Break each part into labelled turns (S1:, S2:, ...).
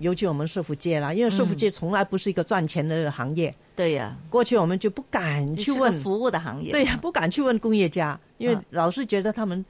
S1: 尤其我們社福界啦，因為社福界從來不是一個賺錢的行業。嗯、對呀、啊，過去我們就不敢去問是服務的行業。對呀、啊，不敢去問工業家，因為老是覺得他們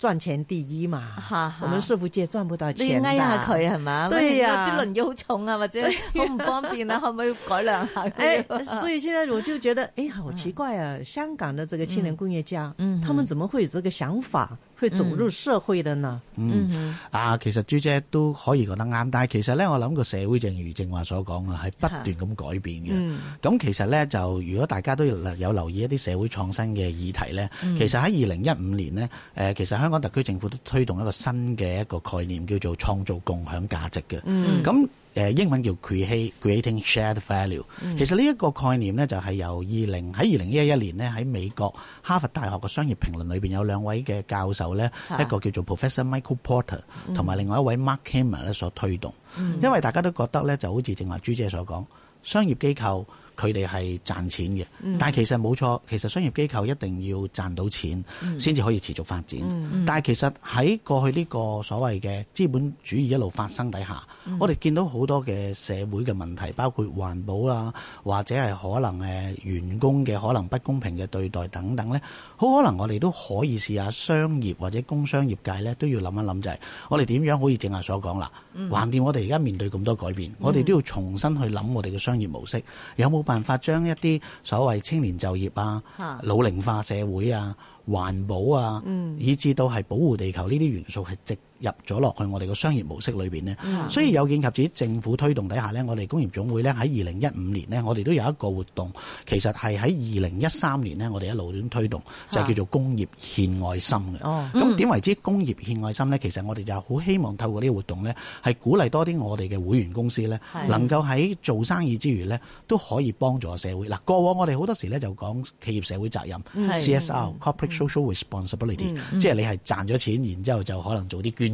S1: 賺錢第一嘛。哈、啊啊，我們社福界賺不到錢的。你壓下佢係咪？對呀、啊，啲輪
S2: 椅好重啊，或者好唔方便啊，可唔可以改良下？哎、 所以
S1: 現在我就覺得，哎，好奇怪啊，香港的這個青年工業家，嗯，嗯他們怎麼會有這個想法？會走入社會的呢？
S3: 嗯啊，其實朱姐都可以講得啱，但係其實咧，我諗個社會正如正話所講啊，係不斷咁改變嘅。咁、嗯、其實咧，就如果大家都有留意一啲社會創新嘅議題咧、嗯，其實喺二零一五年呢，誒，其實香港特區政府都推動一個新嘅一個概念，叫做創造共享價值嘅。嗯，咁。誒英文叫 Create Creating Shared Value、嗯。其實呢一個概念呢，就係由二零喺二零一一年呢，喺美國哈佛大學嘅商業評論裏面有兩位嘅教授呢、啊，一個叫做 Professor Michael Porter，同、嗯、埋另外一位 Mark Hamer 咧所推動、嗯。因為大家都覺得呢，就好似正話朱姐所講，商業機構。佢哋係賺錢嘅，但係其實冇錯，其實商業機構一定要賺到錢先至可以持續發展。嗯嗯嗯、但係其實喺過去呢個所謂嘅資本主義一路發生底下，嗯、我哋見到好多嘅社會嘅問題，包括環保啊，或者係可能誒員工嘅可能不公平嘅對待等等咧，好可能我哋都可以試下商業或者工商業界咧都要諗一諗，就係我哋點樣可以正係所講啦，橫掂我哋而家面對咁多改變，我哋都要重新去諗我哋嘅商業模式有冇辦法將一啲所謂青年就業啊、老齡化社會啊、環保啊，嗯，以至到係保護地球呢啲元素係積入咗落去我哋嘅商業模式裏邊咧，嗯，所以有見及此政府推動底下咧，我哋工業總會咧喺二零一五年咧，我哋都有一個活動，其實係喺二零一三年咧，我哋一路都推動，就係，叫做工業獻愛心嘅。哦，啊，咁點為之工業獻愛心咧？其實我哋就好希望透過呢個活動咧，係鼓勵多啲我哋嘅會員公司咧，能夠喺做生意之餘咧，都可以幫助社會嗱，過往我哋好多時咧就講企業社會責任 （CSR，Corporate Social Responsibility），嗯，即係你係賺咗錢，然之後就可能做啲捐。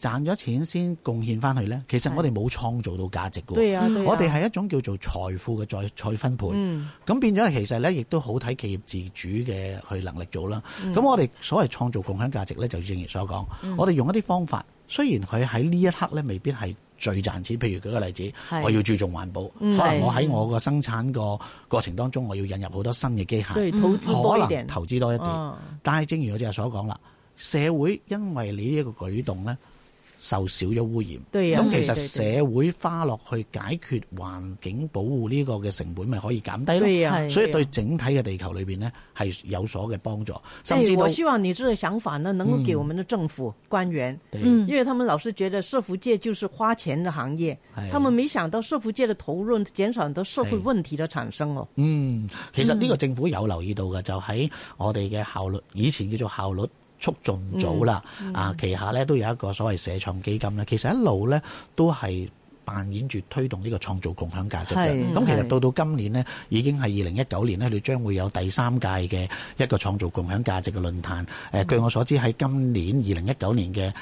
S3: 賺咗錢先貢獻翻去咧，其實我哋冇創造到價值嘅、啊啊。我哋係一種叫做財富嘅再再分配。咁、嗯、變咗其實咧，亦都好睇企業自主嘅去能力做啦。咁、嗯、我哋所謂創造共享價值咧，就正如所講、嗯，我哋用一啲方法，雖然佢喺呢一刻咧未必係最賺錢。譬如舉個例子，我要注重環保，嗯、可能我喺我個生產個過程當中，我要引入好多新嘅機械、嗯，可能投資多一點、哦。但係正如我今日所講啦，社會因為你呢一個舉動咧，受少咗污染，咁、啊、其實社會花落去解決環境保護呢個嘅成本咪可以減低咯、啊，所以對整體嘅地球裏邊咧係有所嘅幫助，甚至我，我希
S1: 望你呢個想法呢，能夠給我們的政府官員，嗯嗯、因為他們老是覺得社福界就是花錢嘅行業、啊，他們沒想到社福界的投入減少到社會問題嘅產生哦、啊。嗯，
S3: 其實呢個政府有留意到嘅、嗯，就喺我哋嘅效率，以前叫做效率。促進咗啦，啊，旗下咧都有一個所謂社創基金咧，其實一路咧都係扮演住推動呢個創造共享價值嘅。咁其實到到今年咧，已經係二零一九年咧，你將會有第三屆嘅一個創造共享價值嘅論壇。誒、呃，據我所知喺今年二零一九年嘅。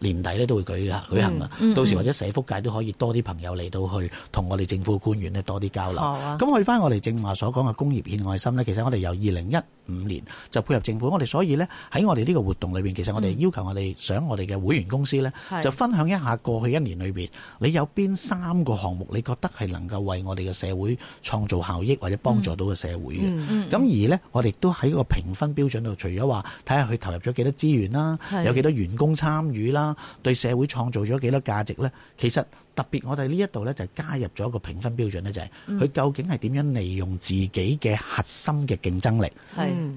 S3: 年底咧都會舉行舉行啦，到時或者社福界都可以多啲朋友嚟到去同我哋政府官員呢多啲交流。咁、哦、去翻我哋正話所講嘅工業獻愛心咧，其實我哋由二零一五年就配合政府，我哋所以咧喺我哋呢個活動裏邊，其實我哋要求我哋想我哋嘅會員公司咧，就分享一下過去一年裏邊你有邊三個項目，你覺得係能夠為我哋嘅社會創造效益或者幫助到個社會嘅。咁、嗯嗯嗯、而咧，我哋都喺個評分標準度，除咗話睇下佢投入咗幾多資源啦，有幾多員工參與啦。對社會創造咗幾多價值咧？其實特別我哋呢一度咧，就加入咗一個評分標準咧，就係、係、佢究竟係點樣利用自己嘅核心嘅競爭力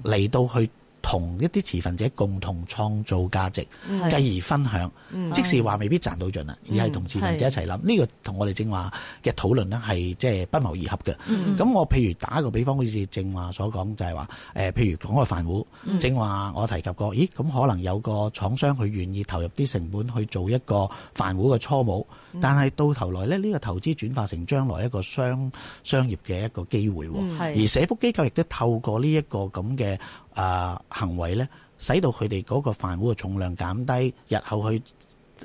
S3: 嚟、嗯、到去。同一啲持份者共同創造價值，繼而分享，嗯、即使話未必賺到盡啦、嗯，而係同持份者一齊諗呢個同我哋正話嘅討論呢係即係不謀而合嘅。咁、嗯、我譬如打一個比方，好似正話所講，就係話譬如講個飯壺、嗯，正話我提及過，咦咁可能有個廠商佢願意投入啲成本去做一個飯壺嘅初模、嗯，但係到頭來呢，呢、呢個投資轉化成將來一個商商業嘅一個機會、嗯，而社福機構亦都透過呢一個咁嘅。啊、呃，行為咧，使到佢哋嗰個飯碗嘅重量減低，日後去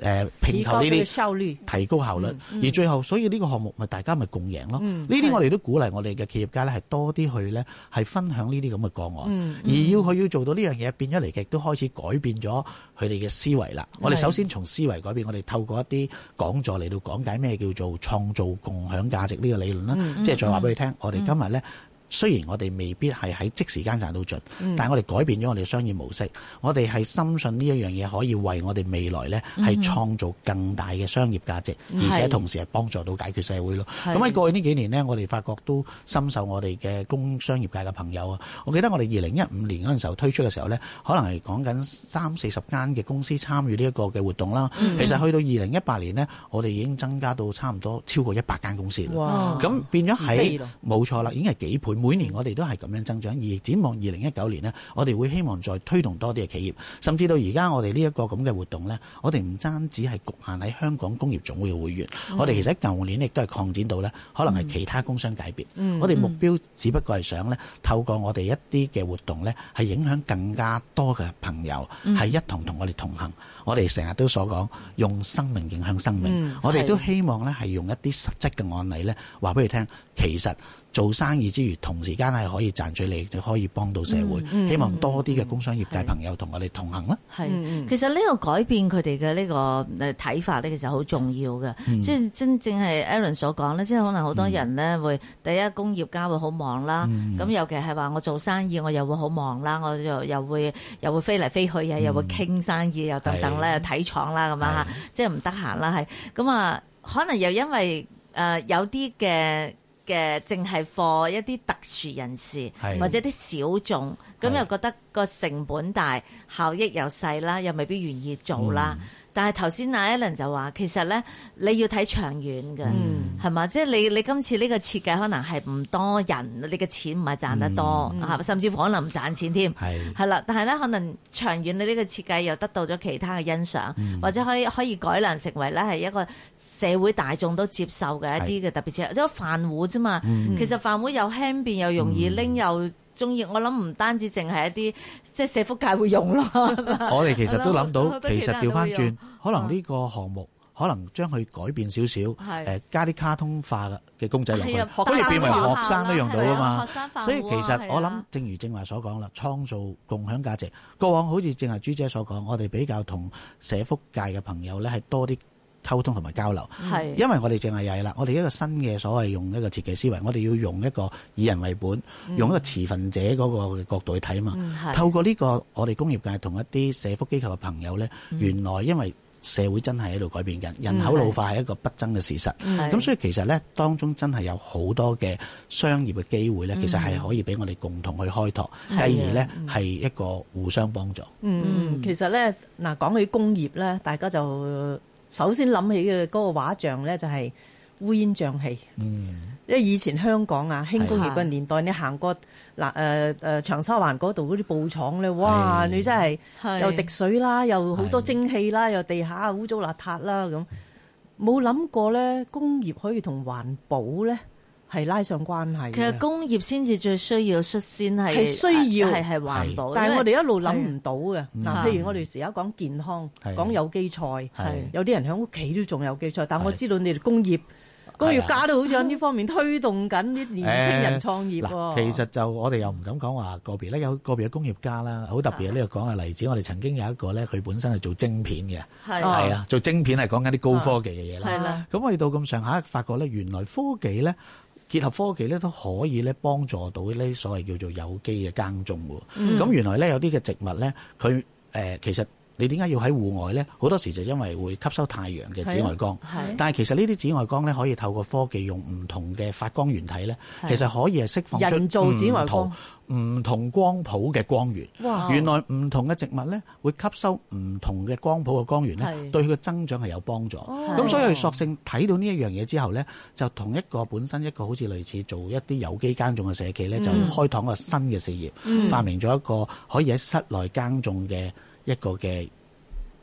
S3: 誒評、呃、求呢啲效率，提高效率，高效率、嗯嗯。而最後，所以呢個項目咪大家咪共贏咯。呢、嗯、啲我哋都鼓勵我哋嘅企業家咧，係多啲去咧係分享呢啲咁嘅個案。嗯嗯、而要佢要做到呢樣嘢，變咗嚟亦都開始改變咗佢哋嘅思維啦、嗯嗯。我哋首先從思維改變，我哋透過一啲講座嚟到講解咩叫做創造共享價值呢個理論啦、嗯嗯。即係再話俾你聽，嗯嗯、我哋今日咧。雖然我哋未必係喺即時間賺到盡，但係我哋改變咗我哋嘅商業模式，我哋係深信呢一樣嘢可以為我哋未來呢係創造更大嘅商業價值，而且同時係幫助到解決社會咯。咁喺過去呢幾年呢，我哋發覺都深受我哋嘅工商業界嘅朋友啊，我記得我哋二零一五年嗰陣時候推出嘅時候呢，可能係講緊三四十間嘅公司參與呢一個嘅活動啦。其實去到二零一八年呢，我哋已經增加到差唔多超過一百間公司哇。咁變咗喺冇錯啦，已經係幾倍。每年我哋都係咁樣增長，而展望二零一九年呢，我哋會希望再推動多啲嘅企業，甚至到而家我哋呢一個咁嘅活動呢，我哋唔單止係局限喺香港工業總會嘅會員，我哋其實舊年亦都係擴展到呢，可能係其他工商界別，我哋目標只不過係想呢，透過我哋一啲嘅活動呢，係影響更加多嘅朋友，係一同同我哋同行。我哋成日都所講，用生命影響生命，嗯、我哋都希望咧係用一啲實質嘅案例咧話俾你聽，其實做生意之餘同時間係可以賺取利益，可以幫到社會、嗯嗯。希望多啲嘅工商業界朋友同我哋同行啦。係、嗯
S2: 嗯，其實呢個改變佢哋嘅呢個睇法咧，其實好重要嘅、嗯。即真正係 Aaron 所講咧，即係可能好多人咧會、嗯、第一，工業家會好忙啦，咁、嗯、尤其係話我做生意我又會好忙啦，我又又會又會飛嚟飛去啊，又會傾生意又、嗯、等等。咧睇廠啦，咁樣，mm-hmm，即係唔得閒啦，係咁啊，可能又因為誒有啲嘅嘅淨係畀一啲特殊人士，或者啲小眾，咁又覺得個成本大，效益又細啦，又未必願意做啦。嗯但係頭先那一 l 就話，其實咧你要睇長遠嘅，係、嗯、嘛？即係、就是、你你今次呢個設計可能係唔多人，你嘅錢唔係賺得多、嗯、甚至可能唔賺錢添。係啦，但係咧可能長遠你呢個設計又得到咗其他嘅欣賞、嗯，或者可以可以改良成為咧係一個社會大眾都接受嘅一啲嘅特別設，即係、就是、飯碗啫嘛。其實飯碗又輕便又容易拎、嗯、又。中意我諗唔單止淨係一啲即係社福界會用咯。我哋其實都諗到，其實調翻轉，
S3: 可能呢個項目可能將佢改變少少，誒加啲卡通化嘅公仔入去，好似變為學生都用到啊嘛。所以其實我諗，正如正話所講啦，創造共享價值。過往好似正話朱姐所講，我哋比較同社福界嘅朋友咧係多啲。溝通同埋交流，因為我哋正係啦，我哋一個新嘅所謂用一個設計思維，我哋要用一個以人為本，嗯、用一個持份者嗰個角度去睇啊嘛、嗯。透過呢個我哋工業界同一啲社福機構嘅朋友呢、嗯，原來因為社會真係喺度改變緊、嗯，人口老化係一個不爭嘅事實。咁、嗯、所以其實呢，當中真係有好多嘅商業嘅機會呢，其實係可以俾我哋共同去開拓，嗯、繼而呢係、嗯、一個互相幫助。嗯，嗯
S1: 其實呢，嗱，講起工業呢，大家就～首先諗起嘅嗰個畫像咧，就係烏煙瘴氣。嗯，因為以前香港啊，輕工業嘅年代，你行過嗱誒、呃、長沙灣嗰度嗰啲布廠咧，哇！你真係又滴水啦，又好多蒸汽啦，又地下污糟邋遢啦，咁冇諗過咧，工業可以同環
S2: 保咧。係拉上關係。其實工業先至最需要率先係係需要係係環保，但係我哋一
S1: 路諗唔到嘅。嗱，譬如我哋而家講健康，講有機菜，有啲人喺屋企都仲有機菜。但係我知道你哋工業工業家都好似喺呢方面推動緊啲年輕人創業。嗱，其
S3: 實就我哋又唔敢講話個別咧，有個別嘅工業家啦，好特別。呢度講嘅例子，我哋曾經有一個咧，佢本身係做晶片嘅，係啊，做晶片係講緊啲高科技嘅嘢啦。係啦，咁我哋到咁上下發覺咧，原來科技咧。結合科技咧，都可以咧幫助到呢，所謂叫做有機嘅耕種喎。咁、嗯、原來咧有啲嘅植物咧，佢、呃、其實。你點解要喺戶外呢？好多時就因為會吸收太陽嘅紫外光。啊啊、但係其實呢啲紫外光呢，可以透過科技用唔同嘅發光源體呢、啊，其實可以係釋放出人造紫外光唔同光譜嘅光源。原來唔同嘅植物呢，會吸收唔同嘅光譜嘅光源呢、啊，對佢嘅增長係有幫助。咁、啊、所以佢索性睇到呢一樣嘢之後呢，就同一個本身一個好似類似做一啲有機耕種嘅社企呢，就開拓個新嘅事業，嗯、發明咗一個可以喺室內耕種嘅。一個嘅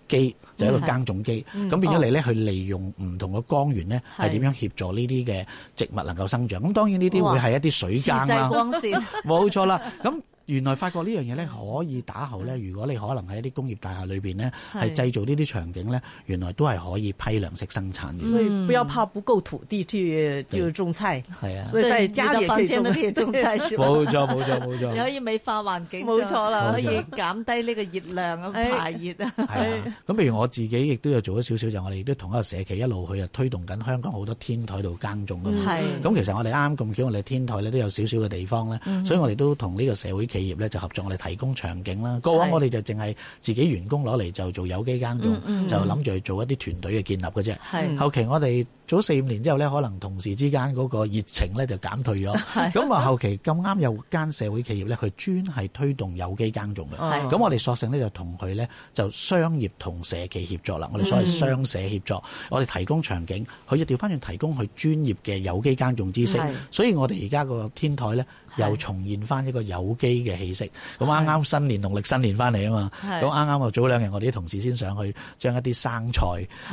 S3: 機就一個耕種機，咁、嗯、變咗你咧、嗯，去利用唔同嘅光源咧，係、哦、點樣協助呢啲嘅植物能夠生長？咁當然呢啲會係一啲水耕啦、啊，自然光線，冇錯啦。咁。 原來發覺呢樣嘢咧可以打後咧，如果你可能喺一啲工業大廈裏邊呢，係製造呢啲場景咧，原來都係可以批量式生產嘅、嗯。所以不要怕不夠土地去就種菜係啊，所以
S2: 在家嘅房間都可以種菜，冇 錯冇錯，你可以美化環境，冇錯啦，冇錯啦，可以減低呢個熱量咁 排熱啊。係 啊，
S3: 咁譬如我自己亦都有做咗少少，就 我哋都同一個社企一路去啊推動緊香港好多天台度耕種咁、嗯嗯嗯、其實我哋啱啱咁講，我哋天台咧都有少少嘅地方咧、嗯，所以我哋都同呢個社會。企業咧就合作我哋提供場景啦。過往我哋就淨係自己員工攞嚟就做有機耕種，就諗住做一啲團隊嘅建立嘅啫。後期我哋早四五年之後呢，可能同事之間嗰個熱情呢就減退咗。咁啊，後期咁啱有間社會企業呢，佢專係推動有機耕種嘅。咁我哋索性呢，就同佢呢，就商業同社企協作啦。我哋所謂商社協作，我哋提供場景，佢就調翻轉提供佢專業嘅有機耕種知識。所以我哋而家個天台呢，又重現翻一個有機嘅氣息，咁啱啱新年農曆新年翻嚟啊嘛，咁啱啱又早兩日，我啲同事先上去將一啲生菜、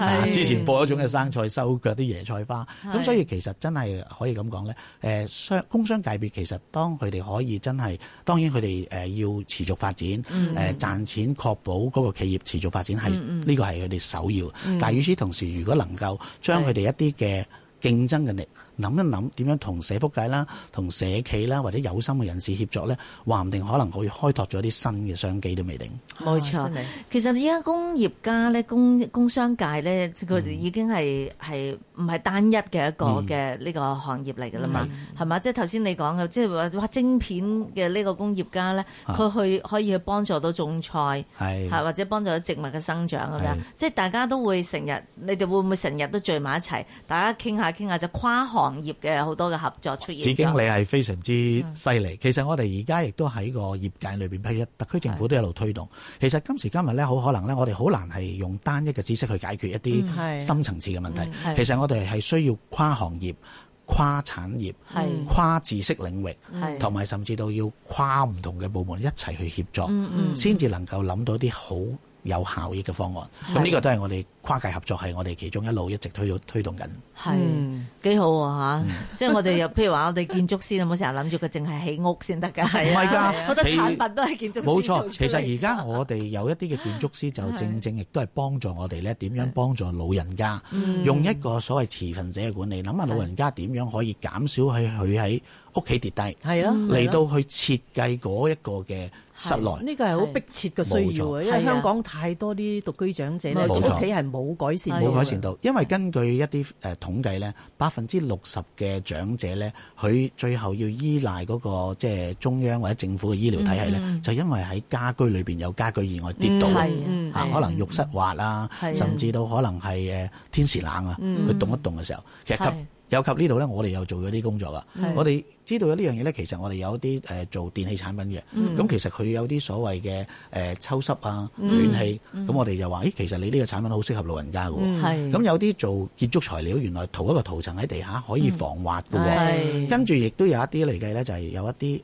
S3: 啊，之前播一種嘅生菜收割啲椰菜花，咁所以其實真係可以咁講咧，誒商工商界別其實當佢哋可以真係，當然佢哋要持續發展，誒、嗯、賺錢確保嗰個企業持續發展係呢個係佢哋首要。嗯、但係與此同時，如果能夠將佢哋一啲嘅競爭嘅力。諗一諗點樣同社福界啦、同社企啦，或者有心嘅人士協助咧，話唔定可能可以開拓咗啲新嘅商機都未定。冇錯，
S2: 其實依家工業家咧、工工商界咧，佢哋已經係係唔係單一嘅一個嘅呢個行業嚟㗎啦嘛，係、嗯、嘛？即係頭先你講嘅，即係話話晶片嘅呢個工業家咧，佢去可以去幫助到種菜，係、啊、或者幫助到植物嘅生長咁樣。即係大家都會成日，你哋會唔會成日都聚埋一齊，大家傾下傾下就跨行業嘅好多嘅合作出現，資經理
S3: 係非常之犀利。其實我哋而家亦都喺個業界裏邊，譬如特區政府都一路推動。其實今時今日咧，好可能咧，我哋好難係用單一嘅知識去解決一啲深層次嘅問題、嗯。其實我哋係需要跨行業、跨產業、跨知識領域，同埋甚至到要跨唔同嘅部門一齊去協作，先、嗯、至、嗯、能夠諗到啲好有效益嘅方案。咁呢個都係我哋。跨界合作係我哋其中一路一直推到推動緊，係
S2: 幾好嚇、啊！即係我哋又譬如話，我哋建築師有冇成日諗住佢淨係起屋先得㗎，唔係㗎，好、啊啊啊、多產品都係建築師冇錯。其實而
S3: 家我哋有一啲嘅建築師就正正亦都係幫助我哋咧，點樣幫助老人家、啊、用一個所謂持份者嘅管理，諗下、啊、老人家點樣可以減少佢佢喺屋企跌低，係咯、啊，嚟、啊、到去設計嗰一個嘅室內，呢、啊呢個係好迫切嘅需要、啊啊，因為香港
S1: 太多啲獨居長者咧，屋企係。冇改善到，冇改善
S3: 到，因為根據一啲誒統計呢，咧，百分之六十嘅長者咧，佢最後要依賴嗰、那個即係中央或者政府嘅醫療體系咧、嗯，就因為喺家居裏邊有家居意外跌倒啊、嗯，可能浴室滑啦，甚至到可能係誒天時冷啊，佢動一動嘅時候，嗯、其實。吸。有及呢度咧，我哋又做咗啲工作噶。我哋知道咗呢樣嘢咧，其實我哋有一啲、呃、做電器產品嘅。咁、嗯、其實佢有啲所謂嘅抽濕啊、暖氣，咁、嗯、我哋就話，誒，其實你呢個產品好適合老人家嘅。咁、嗯、有啲做建築材料，原來塗一個塗層喺地下可以防滑嘅、嗯。跟住亦都有一啲嚟計咧，就係、是、有一啲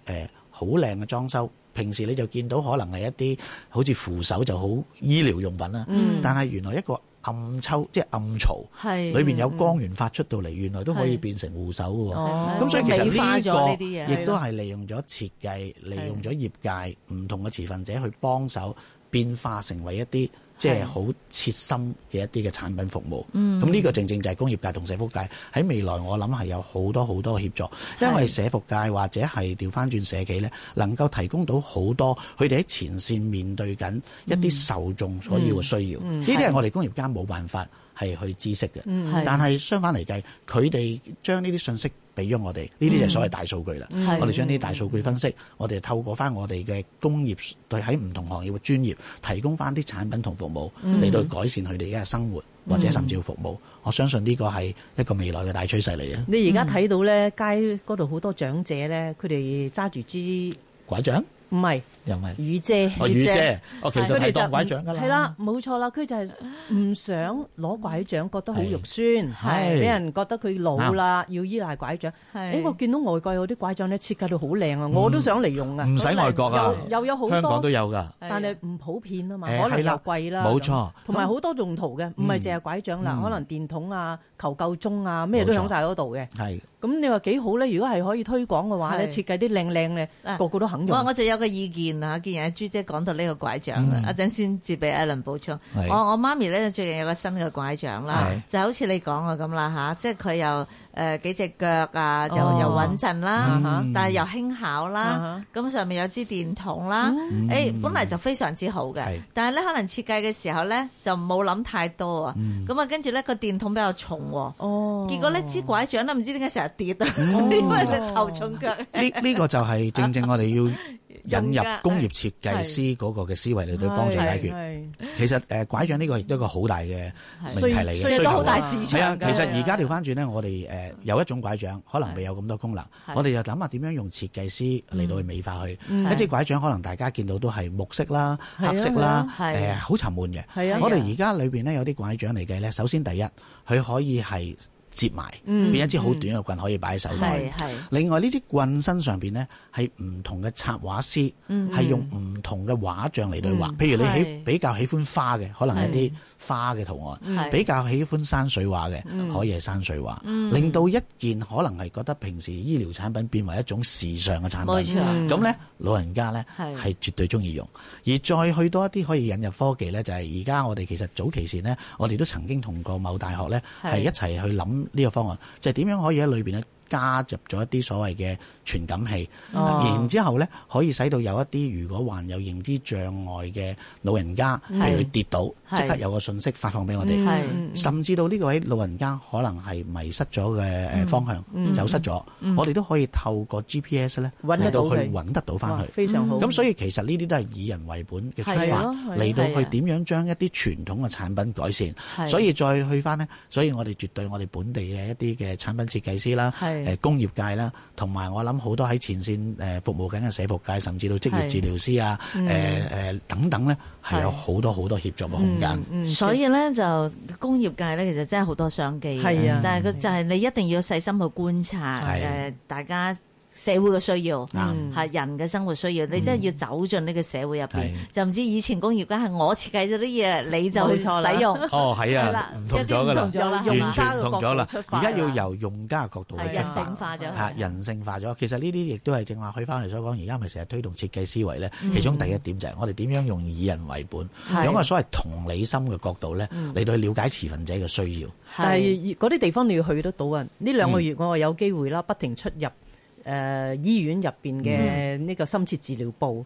S3: 好靚嘅裝修。平時你就見到可能係一啲好似扶手就好醫療用品啦、嗯。但係原來一個。暗抽即係暗槽，裏面有光源發出到嚟，原來都可以變成護手嘅，咁、哦、所以其實呢、這個亦都係利用咗設計，利用咗業界唔同嘅持份者去幫手變化，成為一啲。即係好切身嘅一啲嘅產品服務，咁、嗯、呢個正正就係工業界同社福界喺未來，我諗係有好多好多嘅協助，因為社福界或者係調翻轉社企咧，能夠提供到好多佢哋喺前線面對緊一啲受眾所要嘅需要，呢啲係我哋工業家冇辦法係去知識嘅、嗯，但係相反嚟計，佢哋將呢啲信息。俾咗我哋，呢啲就係所謂大數據啦、嗯。我哋將啲大數據分析，我哋透過翻我哋嘅工業對喺唔同行業嘅專業，提供翻啲產品同服務嚟到改善佢哋而家嘅生活，或者甚至乎服務、嗯。我相信呢個係一個未來嘅大趨勢嚟嘅。你而家
S1: 睇到咧，街嗰度好多長者咧，佢哋揸住支拐杖。唔係，雨遮，雨遮，佢哋當拐杖噶啦，係啦，冇錯啦，佢就係唔想攞拐杖，覺得好肉酸，係俾人覺得佢老啦，要依賴拐杖。係，我見到外國有啲拐杖咧，設計到好靚啊，我都想嚟用啊。唔使外國啊，有有好多香港都有噶，但係唔普遍啊嘛，可能又貴啦，冇錯。同埋好多用途嘅，唔係淨係拐杖啦，可能電筒啊、求救鐘啊，咩都響曬嗰度嘅。
S3: 係。
S2: 咁你話幾好咧？如果係可以推廣嘅話
S1: 咧，設計啲靚靚嘅，個個都肯用。哇、啊！我就有個意
S2: 見啊，既然阿朱姐講到呢個拐杖啊，一陣先接俾阿倫補充。我我媽咪咧最近有個新嘅拐杖啦，就好似你講嘅咁啦吓，即係佢又誒幾隻腳啊，又又穩陣啦、哦啊，但係又輕巧啦，咁、啊啊、上面有支電筒啦。誒、啊哎，本嚟就非常之好嘅、嗯，但係咧可能設計嘅時候咧就冇諗太多啊。咁、嗯、啊，跟住咧個電筒比較重喎、哦，結果呢支拐杖都唔知點解成日～跌啊！因為你頭重腳。呢呢個
S3: 就係正正我哋要引入工業設計師嗰個嘅思維嚟到幫助解決。其實誒、呃、拐杖呢個亦都一個好大嘅問題嚟嘅，需好大市場。啊，其實而家調翻轉咧，我哋誒、呃、有一種拐杖，可能未有咁多功能。啊、我哋又諗下點樣用設計師嚟到去美化佢、啊啊。一隻拐杖可能大家見到都係木色啦、啊、黑色啦，誒好、啊啊呃、沉悶嘅、啊啊。我哋而家裏邊咧有啲拐杖嚟嘅咧，首先第一佢可以係。接埋，變一支好短嘅棍可以擺喺手內、嗯。另外呢支棍身上邊呢，係唔同嘅插畫師係、嗯、用唔同嘅畫像嚟到畫、嗯。譬如你喜比較喜歡花嘅，可能係啲花嘅圖案、嗯；比較喜歡山水畫嘅、嗯，可以係山水畫、嗯。令到一件可能係覺得平時醫療產品變為一種時尚嘅產品。咁、嗯、呢老人家呢，係絕對中意用。而再去多一啲可以引入科技呢，就係而家我哋其實早期時呢，我哋都曾經同過某大學呢，係一齊去諗。呢個方案就係點樣可以喺裏邊咧，加入咗一啲所謂嘅傳感器，哦、然之後咧可以使到有一啲如果患有認知障礙嘅老人家譬、嗯、如跌倒，即刻有個信息發放俾我哋、嗯，甚至到呢個位老人家可能係迷失咗嘅方向、嗯、走失咗、嗯，我哋都可以透過 GPS 咧嚟到去揾得到翻去，到去、哦，非常好。咁、嗯、所以其實呢啲都係以人為本嘅出發嚟、啊啊、到去點樣將一啲傳統嘅產品改善，啊啊、所以再去翻咧，所以我哋絕對我哋本地嘅一啲嘅產品設計師啦。誒工業界啦，同埋我諗好多喺前線誒服務緊嘅社福界，甚至到職業治療師啊，誒誒、嗯呃、等等咧，係有好多好多協助嘅空間。嗯嗯、所以咧
S2: 就工業界咧，其實真係好多商機。係啊，但係佢就係你一定要細心去觀察誒、啊、大家。社會嘅需要係、嗯、人嘅生活需要，你真係要走進呢個社會入邊、嗯，就唔知以前工業家係我設計咗啲嘢，你就去使用
S3: 錯哦，係啊，唔 同咗㗎啦，完全唔同咗啦。而家現在要由用家嘅角度去性化咗，人性化咗。其實呢啲亦都係正話，去翻嚟所講，而家咪成日推動設計思維咧、嗯。其中第一點就係我哋點樣用以人為本，用個所謂同理心嘅角度咧嚟、嗯、去了解持份者嘅需要。但係
S1: 嗰啲地方你要去得到啊！呢兩個月我係有機會啦，不停出入。嗯誒醫院入邊嘅呢個深切治療部，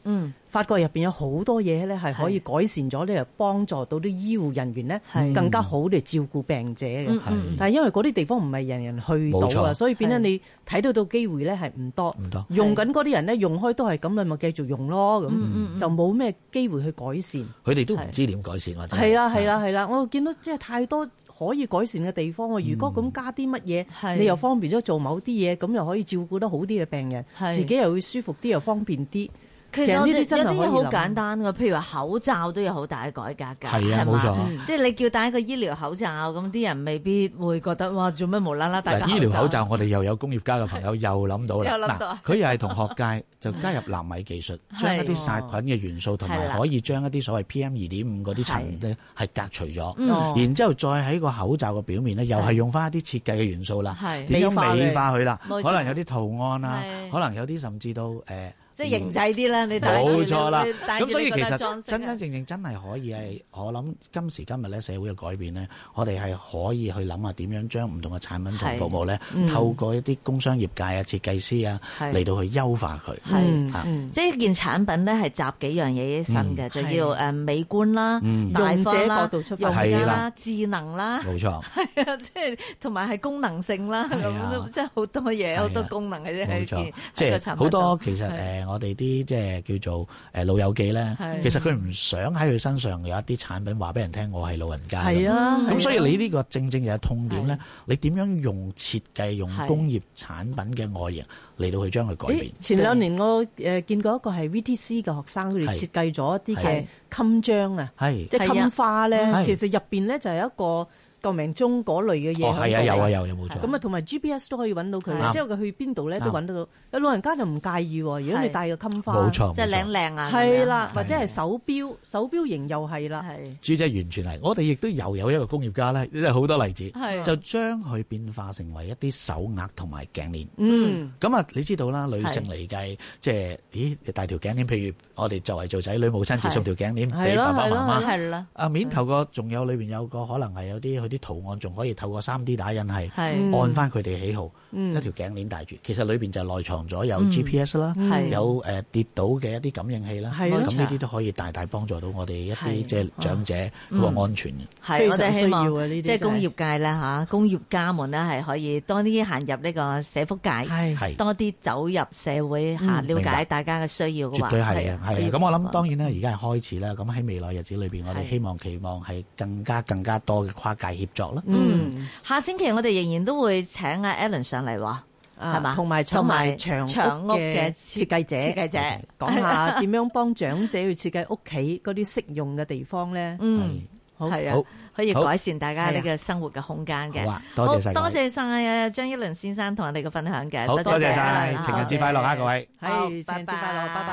S1: 發覺入邊有好多嘢咧，係可以改善咗咧，幫助到啲醫護人員咧，更加好嚟照顧病者嘅、嗯。但係因為嗰啲地方唔係人人去到啊，所以變得你睇到到機會咧係唔多。用緊嗰啲人咧，用開都係咁，你咪繼續用咯咁、嗯，就冇咩機會去改善。
S3: 佢、嗯、哋都唔知點改善，或者係啦
S1: 係啦係啦，我見到即係太多。可以改善嘅地方啊，如果咁加啲乜嘢，係，你又方便咗做某啲嘢，咁又可以照顧得好啲嘅病人，係，自己又會舒服啲，又方便啲。其
S2: 實有啲好簡單嘅，譬如話口罩都有好大嘅改革㗎，係啊冇錯。嗯、即係你叫戴一個醫療口罩咁，啲人未必會覺得哇做咩無啦啦戴。嗱醫療口罩
S3: 我哋又有工業家嘅朋友 又諗到啦。嗱佢又係同學界 就加入納米技術，將一啲殺菌嘅元素同埋、哦、可以將一啲所謂 PM 二點五嗰啲塵咧係隔除咗、嗯。然之後再喺個口罩嘅表面呢，又係用返一啲設計嘅元素啦，點樣美化佢啦？可能有啲圖案啊，可能有啲甚至到誒。呃型制啲啦，你睇出冇錯啦，咁所以其實真真正正真係可以係，我諗今時今日咧社會嘅改變咧，我哋係可以去諗下點樣將唔同嘅產品同服務咧、嗯，透過一啲工商業界啊、設計師啊嚟到去優化佢、嗯。
S2: 即係一件產品咧係集幾樣嘢一身嘅，就要誒美觀啦、嗯、大方啦、用者角度出發啦、智能啦，冇錯。係啊，即係同埋係功能性啦，咁即係好多嘢好、啊、多功能嘅啫，係一件即係好多其實誒。
S3: 我哋啲即係叫做誒老友記咧、啊，其實佢唔想喺佢身上有一啲產品話俾人聽，我係老人家。係啊，咁、啊、所以你呢個正正嘅痛點咧、啊，你點樣用設計用工業產品嘅外形嚟到去將佢改變、啊？前兩
S1: 年我誒見過一個係 VTC 嘅學生，佢哋設計咗一啲嘅襟章啊，啊，即係襟花咧、啊啊，其實入邊咧就係一個。度命鐘嗰類嘅嘢、哦，咁啊，同埋、啊啊啊啊啊、GPS 都可以揾到佢，即係佢去邊度咧都揾得到。老人家就唔介意喎、啊，如果你戴個襟花，即係靚靚啊，係啦、啊，或者係手錶、啊，手錶型又係啦、啊啊
S3: 啊啊。朱姐完全係，我哋亦都又有一個工業家咧，即係好多例子，啊、就將佢變化成為一啲手鐲同埋頸鏈。嗯，咁啊，你知道啦，女性嚟計，啊、即係咦，戴條頸鏈，譬如我哋就係做仔女母親，贈、啊、送條頸鏈俾、啊、爸爸媽媽。係啦、啊，啊，啊面頭個仲有裏邊有個可能係有啲啲圖案仲可以透過三 D 打印係按翻佢哋喜好、嗯、一條頸鏈戴住，其實裏邊就內藏咗有 GPS 啦、嗯，有誒、呃、跌倒嘅一啲感應器啦，咁呢啲都可以大大幫助到我哋一啲即係長者個、啊、安全。我哋希望
S2: 即係、就是、工業界咧嚇，工業家們呢，係可以多啲行入呢個社福界，多啲走入社會嚇、嗯，了解大家嘅需要。絕對係啊！係咁，
S3: 我諗當然啦，而家係開始啦。咁喺未來日子裏邊，我哋希望期望係更加更加多嘅跨界。合作啦。嗯，
S2: 下星期我哋仍然都會請阿 Alan 上嚟話，係、啊、嘛？同埋同埋長長屋嘅設計者，設計者講下點樣
S1: 幫長者去設計屋企啲適用嘅地方咧。 嗯，好係啊，可以改善大家呢、這個
S2: 生活嘅空間嘅。好
S3: 多謝晒，多謝
S2: 晒啊張益麟先生同我哋嘅分享嘅。好多謝晒，情人節
S3: 快樂啊各位。
S2: 係，情人節快樂，拜拜。拜拜。